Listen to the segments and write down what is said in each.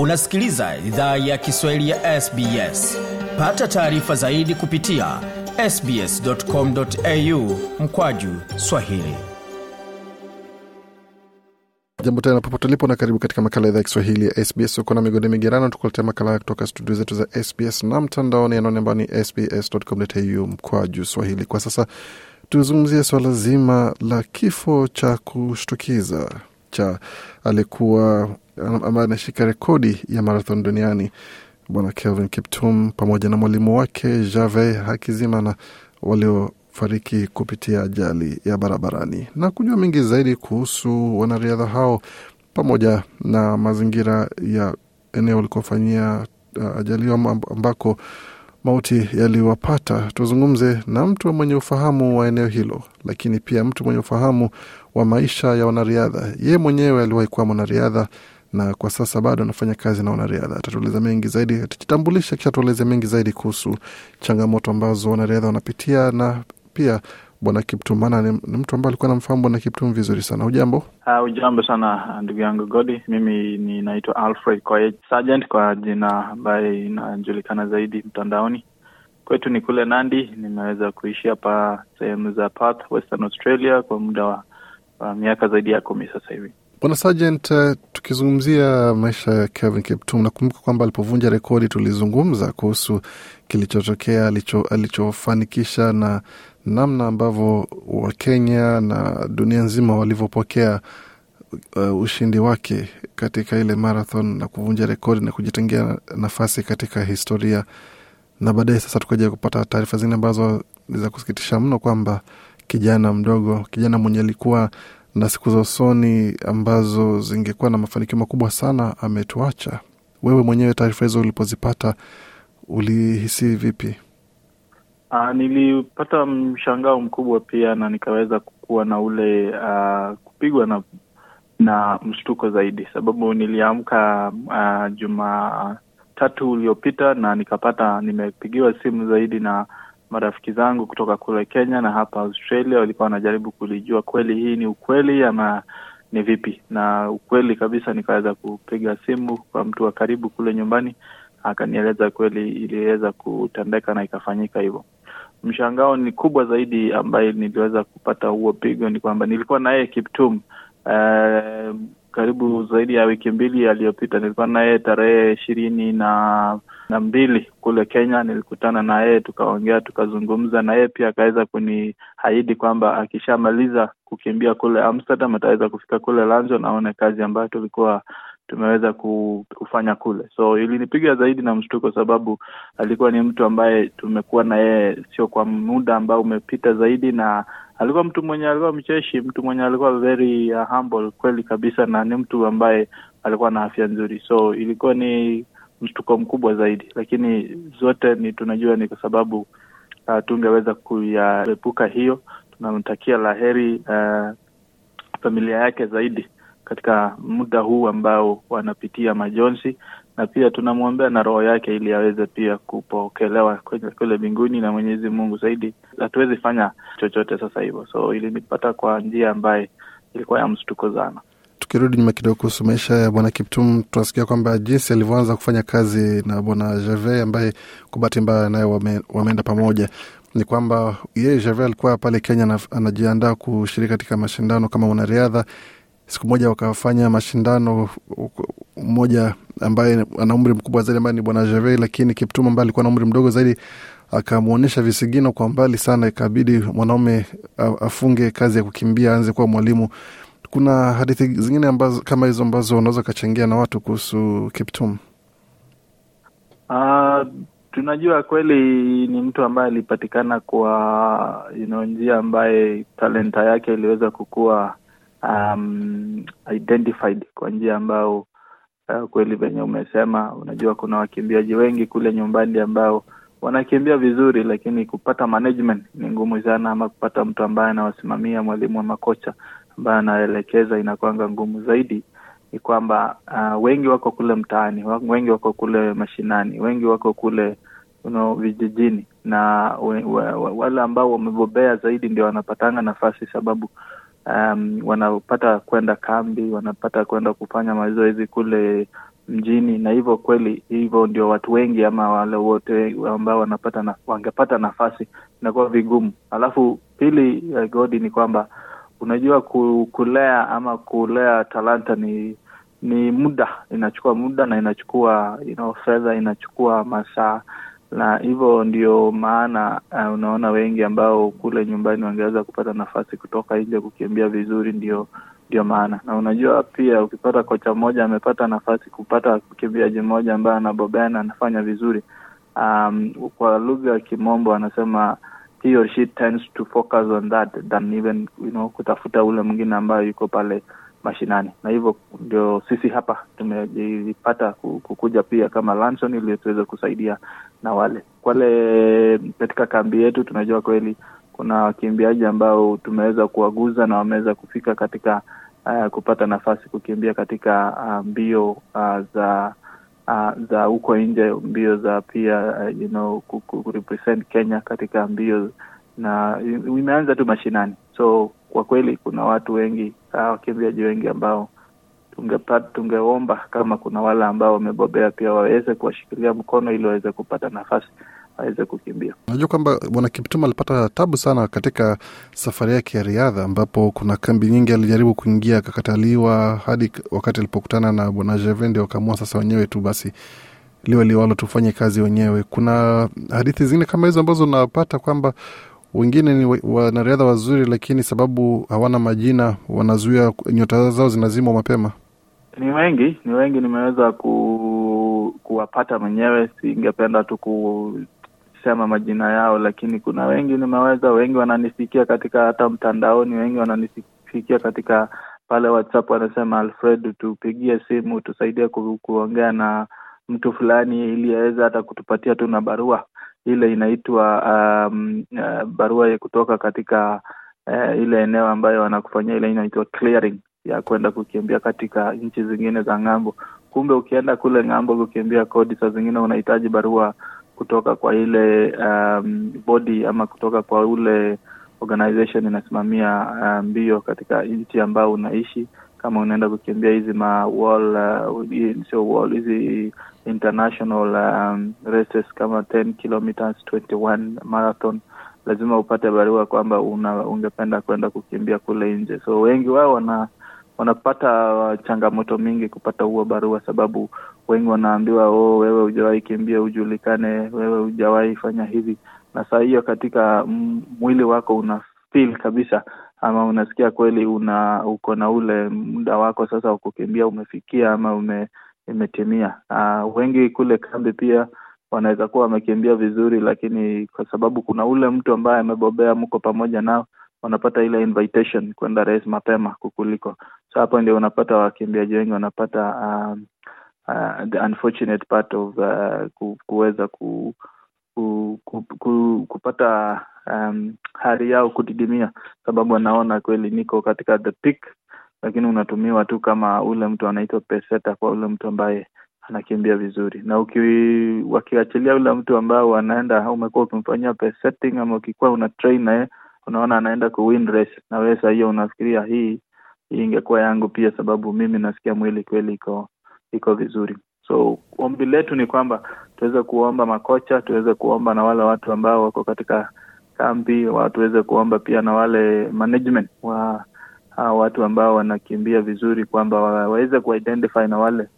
unasikiliza idhaa ya kiswahili ya sbs pata taarifa zaidi kupitia sbscomau mkwaju swahili jambo tena popote ulipo na karibu katika makala idhaa ya kiswahili ya sbs uko na migodi migerano tukuletea makala kutoka studio zetu za sbs na mtandaoni anaone ambao ni sbscomau mkwaju swahili kwa sasa tuzungumzie swala zima la kifo cha kushtukiza cha alikuwa ambaye anashika rekodi ya marathon duniani Bwana Kelvin Kiptum pamoja na mwalimu wake Jave Hakizimana waliofariki kupitia ajali ya barabarani. Na kujua mengi zaidi kuhusu wanariadha hao pamoja na mazingira ya eneo walikofanyia uh, ajali ambako mauti yaliwapata, tuzungumze na mtu mwenye ufahamu wa eneo hilo, lakini pia mtu mwenye ufahamu wa maisha ya wanariadha. Yeye mwenyewe aliwahi kuwa mwanariadha na kwa sasa bado anafanya kazi na wanariadha. Atatueleza mengi zaidi, atajitambulisha kisha tueleze mengi zaidi kuhusu changamoto ambazo wanariadha wanapitia na pia Bwana Kiptum, maana ni, ni mtu ambaye alikuwa namfahamu Bwana Kiptum vizuri sana. Ujambo? Ujambo sana ndugu yangu Godi, mimi ninaitwa Alfred Koech Sergeant kwa jina ambaye inajulikana zaidi mtandaoni. Kwetu ni kule Nandi, nimeweza kuishi hapa sehemu za Perth, Western Australia kwa muda wa, wa miaka zaidi ya kumi sasa hivi. Bwana Sergeant, uh, tukizungumzia maisha ya Kevin Kiptum, nakumbuka kwamba alipovunja rekodi tulizungumza kuhusu kilichotokea alicho, alichofanikisha na namna ambavyo Wakenya na dunia nzima walivyopokea uh, ushindi wake katika ile marathon na kuvunja rekodi na kujitengea nafasi katika historia, na baadaye sasa tukaja kupata taarifa zingine ambazo za kusikitisha mno kwamba kijana mdogo, kijana mwenye alikuwa na siku za usoni ambazo zingekuwa na mafanikio makubwa sana ametuacha. Wewe mwenyewe taarifa hizo ulipozipata ulihisi vipi? Uh, nilipata mshangao mkubwa pia na nikaweza kuwa na ule uh, kupigwa na na mshtuko zaidi, sababu niliamka uh, Jumatatu uliopita na nikapata nimepigiwa simu zaidi na marafiki zangu kutoka kule Kenya na hapa Australia walikuwa wanajaribu kulijua kweli hii ni ukweli ama ni vipi, na ukweli kabisa, nikaweza kupiga simu kwa mtu wa karibu kule nyumbani, akanieleza kweli iliweza kutendeka na ikafanyika hivyo. Mshangao ni kubwa zaidi ambaye niliweza kupata huo pigo ni kwamba nilikuwa naye Kiptum. Eh, karibu zaidi ya wiki mbili aliyopita. Nilikuwa naye tarehe ishirini na na mbili kule Kenya. Nilikutana na yeye tukaongea, tukazungumza na yeye pia, akaweza kuniahidi kwamba akishamaliza kukimbia kule Amsterdam ataweza kufika kule Lanzo naone kazi ambayo tulikuwa tumeweza kufanya kule. So ilinipiga zaidi na mshtuko, sababu alikuwa ni mtu ambaye tumekuwa na yeye sio kwa muda ambao umepita zaidi, na alikuwa mtu mwenye alikuwa mcheshi, mtu mwenye alikuwa very uh, humble kweli kabisa, na ni mtu ambaye alikuwa na afya nzuri, so ilikuwa ni mshtuko mkubwa zaidi, lakini zote ni tunajua ni kwa sababu uh, tungeweza kuyaepuka hiyo. Tunamtakia laheri uh, familia yake zaidi katika muda huu ambao wanapitia majonzi, na pia tunamwombea na roho yake ili aweze pia kupokelewa kule mbinguni na Mwenyezi Mungu. Zaidi hatuwezi fanya chochote sasa hivyo, so ilinipata kwa njia ambaye ilikuwa ya mshtuko sana. Tukirudi nyuma kidogo kuhusu maisha ya Bwana Kiptum, tunasikia kwamba jinsi alivyoanza kufanya kazi na Bwana Gerve ambaye kwa bahati mbaya naye wame, wameenda pamoja ni kwamba yeye Gerve alikuwa pale Kenya anajiandaa kushiriki katika mashindano kama mwanariadha siku moja wakafanya mashindano mmoja ambaye ana umri mkubwa zaidi ambaye ni bwana Gervais, lakini Kiptum ambaye alikuwa na umri mdogo zaidi akamwonyesha visigino kwa mbali sana, ikabidi mwanaume afunge kazi ya kukimbia aanze kuwa mwalimu. Kuna hadithi zingine ambazo, kama hizo ambazo unaweza ukachangia na watu kuhusu Kiptum? Uh, tunajua kweli ni mtu ambaye alipatikana kwa you know, njia ambaye talenta yake iliweza kukua um, identified kwa njia ambao uh, kweli venye umesema, unajua kuna wakimbiaji wengi kule nyumbani ambao wanakimbia vizuri, lakini kupata management ni ngumu sana, ama kupata mtu ambaye anawasimamia, mwalimu wa makocha ambaye anaelekeza inakwanga ngumu zaidi. Ni kwamba uh, wengi wako kule mtaani, wengi wako kule mashinani, wengi wako kule you know, vijijini na wale ambao wamebobea zaidi ndio wanapatanga nafasi, sababu um, wanapata kwenda kambi, wanapata kwenda kufanya mazoezi kule mjini, na hivyo kweli, hivyo ndio watu wengi ama wale wote ambao wanapata na, wangepata nafasi inakuwa vigumu. Alafu pili, uh, eh, Godi, ni kwamba unajua kulea ama kulea talanta ni ni muda, inachukua muda na inachukua you know, fedha, inachukua masaa na hivyo ndio maana uh, unaona wengi ambao kule nyumbani wangeweza kupata nafasi kutoka nje kukimbia vizuri, ndio ndio maana. Na unajua pia ukipata kocha mmoja amepata nafasi kupata kukimbiaji mmoja ambaye anabobea na anafanya vizuri um, kwa lugha ya Kimombo anasema he or she tends to focus on that than even you know, kutafuta ule mwingine ambayo yuko pale mashinani, na hivyo ndio sisi hapa tumejipata kukuja pia kama Lanson ili tuweze kusaidia na wale kwale katika kambi yetu. Tunajua kweli kuna wakimbiaji ambao tumeweza kuwaguza na wameweza kufika katika uh, kupata nafasi kukimbia katika ah, mbio uh, uh, za uh, za huko nje, mbio za pia uh, you know, kurepresent Kenya katika mbio, na imeanza tu mashinani so kwa kweli kuna watu wengi wakimbiaji wengi ambao tungeomba kama kuna wale ambao wamebobea pia waweze kuwashikilia mkono ili waweze kupata nafasi waweze kukimbia. unajua kwamba bwana Kiptum alipata tabu sana katika safari yake ya riadha, ambapo kuna kambi nyingi alijaribu kuingia akakataliwa, hadi wakati alipokutana na bwana Jevende wakaamua sasa wenyewe tu basi liwe liwalo, tufanye kazi wenyewe. Kuna hadithi zingine kama hizo ambazo unapata kwamba wengine ni wanariadha wazuri, lakini sababu hawana majina, wanazuia nyota zao zinazimwa mapema. Ni wengi, ni wengi nimeweza ku, kuwapata mwenyewe. Singependa tu kusema majina yao, lakini kuna wengi nimeweza, wengi wananisikia katika hata mtandaoni, wengi wananisikia katika pale WhatsApp wanasema, Alfred, tupigie simu tusaidie ku, kuongea na mtu fulani ili aweze hata kutupatia tu na barua ile inaitwa um, uh, barua kutoka katika uh, ile eneo ambayo wanakufanyia ile inaitwa clearing ya kwenda kukimbia katika nchi zingine za ng'ambo. Kumbe ukienda kule ng'ambo kukimbia kodi, saa zingine unahitaji barua kutoka kwa ile um, bodi ama kutoka kwa ule organization inasimamia uh, mbio um, katika nchi ambao unaishi kama unaenda kukimbia hizi ma wall uh, sio wall hizi international um, races kama 10 kilometers 21 marathon lazima upate barua kwamba ungependa kwenda kukimbia kule nje so wengi wao wana wanapata uh, changamoto mingi kupata huo barua sababu wengi wanaambiwa oh, wewe hujawahi kimbia ujulikane wewe hujawahi fanya hivi na saa hiyo katika mwili wako una feel kabisa ama unasikia kweli una uko na ule muda wako sasa wa kukimbia umefikia ama ume, imetimia. Uh, wengi kule kambi pia wanaweza kuwa wamekimbia vizuri, lakini kwa sababu kuna ule mtu ambaye amebobea, mko pamoja nao, wanapata ile invitation kwenda race mapema kukuliko. So hapo ndio unapata wakimbiaji wengi wanapata um, uh, the unfortunate part of uh, kuweza ku, ku, ku, ku, kupata um, hali yao kudidimia, sababu anaona kweli niko katika the peak, lakini unatumiwa tu kama ule mtu anaitwa peseta kwa ule mtu ambaye anakimbia vizuri, na uki wakiachilia ule mtu ambao wanaenda umekuwa ukimfanyia pesetting ama ukikuwa una train naye unaona anaenda ku win race na wewe saa hiyo unafikiria hii hii ingekuwa yangu pia, sababu mimi nasikia mwili kweli iko iko vizuri. So ombi letu ni kwamba tuweze kuomba makocha, tuweze kuomba na wale watu ambao wako katika kambi, watuweze kuomba pia na wale management wa hawa watu ambao wanakimbia vizuri, kwamba waweze kuidentify na wale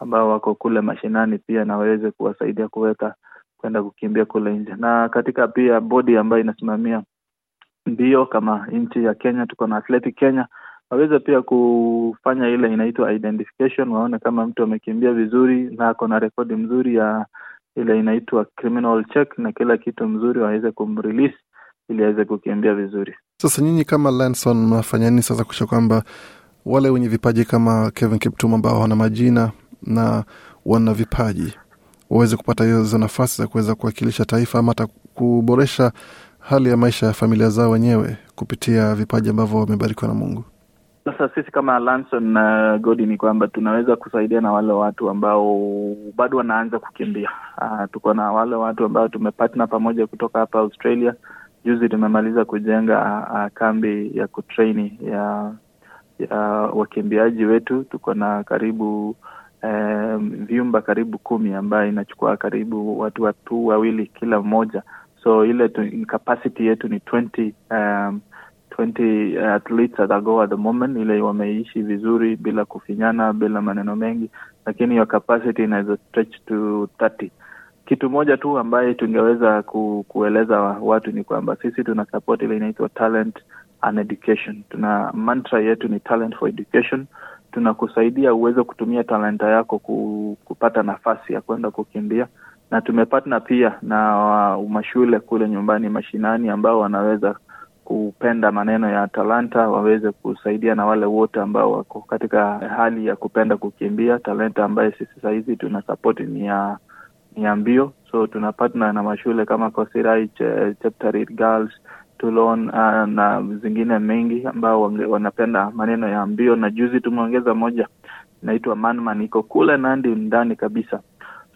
ambao wako kule mashinani pia na waweze kuwasaidia kuweka kwenda kukimbia kule nje, na katika pia bodi ambayo inasimamia mbio kama nchi ya Kenya, tuko na Athletic Kenya, waweze pia kufanya ile inaitwa identification, waone kama mtu amekimbia vizuri na ako na rekodi mzuri ya ile inaitwa criminal check na kila kitu mzuri, waweze kumrelease ili aweze kukiendea vizuri. Sasa nyinyi kama Lanson mnafanya nini sasa kuisha kwamba wale wenye vipaji kama Kevin Kiptum ambao wana majina na wana vipaji waweze kupata hizo nafasi za kuweza kuwakilisha taifa ama hata kuboresha hali ya maisha ya familia zao wenyewe kupitia vipaji ambavyo wamebarikiwa na Mungu. Sasa sisi kama Lanson na uh, Godi ni kwamba tunaweza kusaidia na wale watu ambao bado wanaanza kukimbia. Uh, tuko na wale watu ambao tumepatna pamoja kutoka hapa Australia Juzi tumemaliza kujenga a, kambi ya kutraini ya, ya wakimbiaji wetu. Tuko na karibu e, vyumba karibu kumi ambayo inachukua karibu watu watu wawili kila mmoja, so ile tu, capacity yetu ni 20, um, 20 athletes at at the moment. Ile wameishi vizuri bila kufinyana bila maneno mengi, lakini hiyo capacity inaweza stretch to 30 kitu moja tu ambaye tungeweza ku, kueleza watu ni kwamba sisi tuna support ile inaitwa talent and education. Tuna mantra yetu ni talent for education. Tunakusaidia uweze kutumia talanta yako ku, kupata nafasi ya kwenda kukimbia, na tumepatna pia na uh, mashule kule nyumbani mashinani ambao wanaweza kupenda maneno ya talanta waweze kusaidia na wale wote ambao wako katika hali ya kupenda kukimbia. Talanta ambayo sisi sahizi tuna sapoti ni ya ya mbio, so tuna partner na mashule kama Kosirai, Kosiraich, Cheptarit Girls, Toulon uh, na zingine mengi ambao wanapenda maneno ya mbio, na juzi tumeongeza moja naitwa Manman, iko kule Nandi ndani kabisa.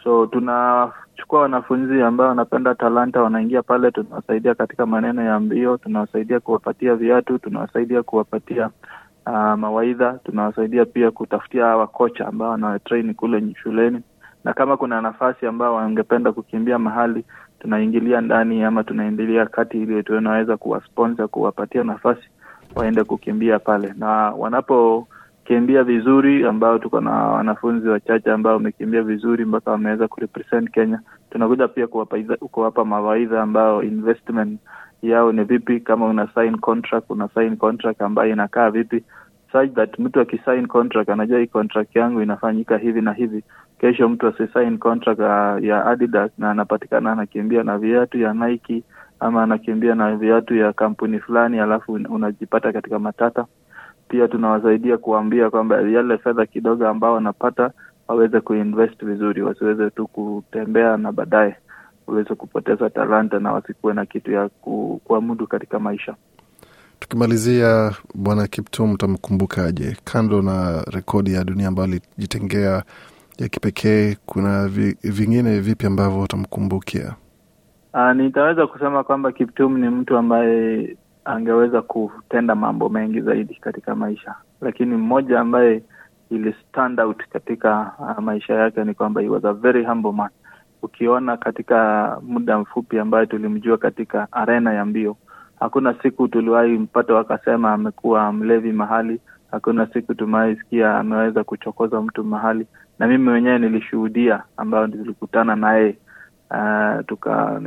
So tunachukua wanafunzi ambao wanapenda talanta, wanaingia pale, tunawasaidia katika maneno ya mbio, tunawasaidia kuwapatia viatu, tunawasaidia kuwapatia uh, mawaidha, tunawasaidia pia kutafutia hawa kocha ambao wanawatrain kule shuleni na kama kuna nafasi ambayo wangependa kukimbia mahali tunaingilia ndani ama tunaingilia kati, ili tunaweza kuwasponsa, kuwapatia nafasi waende kukimbia pale, na wanapokimbia vizuri, ambao tuko na wanafunzi wachache ambao wamekimbia vizuri mpaka wameweza kurepresent Kenya, tunakuja pia kuwapa mawaidha ambao investment yao ni vipi, kama una sign contract, una sign contract ambayo inakaa vipi such that mtu akisign contract anajua hii contract yangu inafanyika hivi na hivi kesho mtu asisign contract ah, ya Adidas na anapatikana anakimbia na viatu ya Nike ama anakimbia na viatu ya kampuni fulani, alafu unajipata katika matata. Pia tunawasaidia kuambia kwamba yale fedha kidogo ambao wanapata waweze kuinvest vizuri, wasiweze tu kutembea na baadaye waweze kupoteza talanta na wasikuwe na kitu ya kuamudu katika maisha. Tukimalizia bwana Kiptum, utamkumbukaje Kando na rekodi ya dunia ambayo alijitengea ya kipekee, kuna vi, vingine vipi ambavyo utamkumbukia? Ah, nitaweza kusema kwamba Kiptum ni mtu ambaye angeweza kutenda mambo mengi zaidi katika maisha, lakini mmoja ambaye ili stand out katika uh, maisha yake ni kwamba he was a very humble man. Ukiona katika muda mfupi ambayo tulimjua katika arena ya mbio Hakuna siku tuliwahi mpata wakasema amekuwa mlevi mahali. Hakuna siku tumewahi ameweza kuchokoza mtu mahali, na mimi mwenyewe nilishuhudia, ambayo tulikutana naye uh, tuka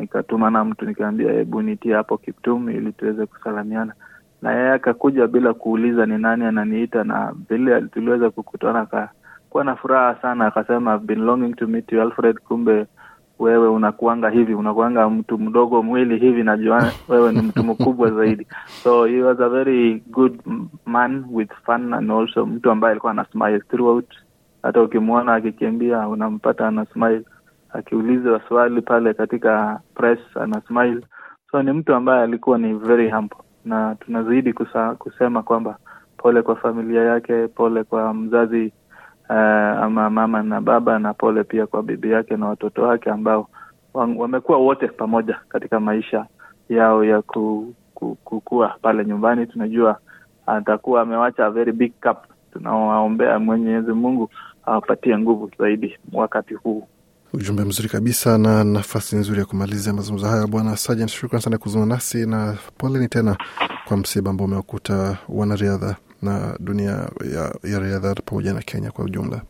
na mtu nikaambia, hebu nitie hapo Kiptum ili tuweze kusalamiana na yeye akakuja bila kuuliza ni nani ananiita, na vile tuliweza kukutana akakuwa na furaha sana, akasema I've been longing to meet you Alfred, kumbe wewe unakuanga hivi, unakuanga mtu mdogo mwili hivi, najua wewe ni mtu mkubwa zaidi. So he was a very good man with fun and also mtu ambaye alikuwa ana smile throughout. Hata ukimwona akikimbia unampata ana smile, akiulizwa swali pale katika press ana smile. So ni mtu ambaye alikuwa ni very humble, na tunazidi kusema kwamba pole kwa familia yake, pole kwa mzazi uh, ama mama na baba, na pole pia kwa bibi yake na watoto wake ambao wamekuwa wote pamoja katika maisha yao ya ku, ku, kukua pale nyumbani. Tunajua atakuwa amewacha very big cup. Tunawaombea Mwenyezi Mungu awapatie nguvu zaidi wakati huu. Ujumbe mzuri kabisa na nafasi nzuri ya kumalizia mazungumzo haya. Bwana Sajan, shukran sana kuzungumza nasi na poleni tena kwa msiba ambao umewakuta wanariadha na dunia ya, ya riadha pamoja na Kenya kwa ujumla.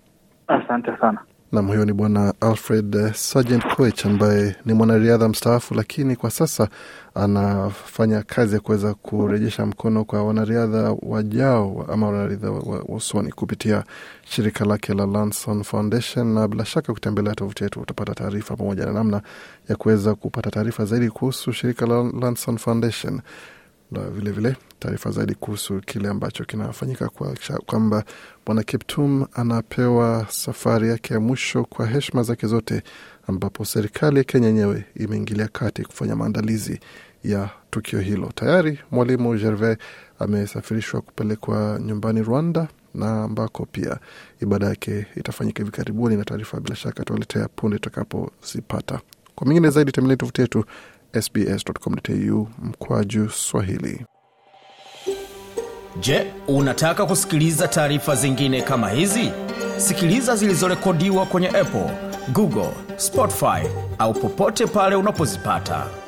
Asante sana. Nam, huyo ni Bwana Alfred eh, Sergeant Coach ambaye ni mwanariadha mstaafu, lakini kwa sasa anafanya kazi ya kuweza kurejesha mkono kwa wanariadha wajao ama wanariadha usoni kupitia shirika lake la Lanson Foundation, na bila shaka kutembelea tovuti yetu utapata taarifa pamoja na namna ya kuweza kupata taarifa zaidi kuhusu shirika la Lanson Foundation na vilevile taarifa zaidi kuhusu kile ambacho kinafanyika, kwamba kwa bwana Kiptum anapewa safari yake ya mwisho kwa heshima zake zote, ambapo serikali ya Kenya yenyewe imeingilia kati kufanya maandalizi ya tukio hilo. Tayari mwalimu gerve amesafirishwa kupelekwa nyumbani Rwanda na ambako pia ibada yake itafanyika hivi karibuni, na taarifa bila shaka tualetea punde tutakapozipata. Kwa mengine zaidi, tembeleni tofuti yetu sbs.com.au mkwaju Swahili. Je, unataka kusikiliza taarifa zingine kama hizi? Sikiliza zilizorekodiwa kwenye Apple, Google, Spotify au popote pale unapozipata.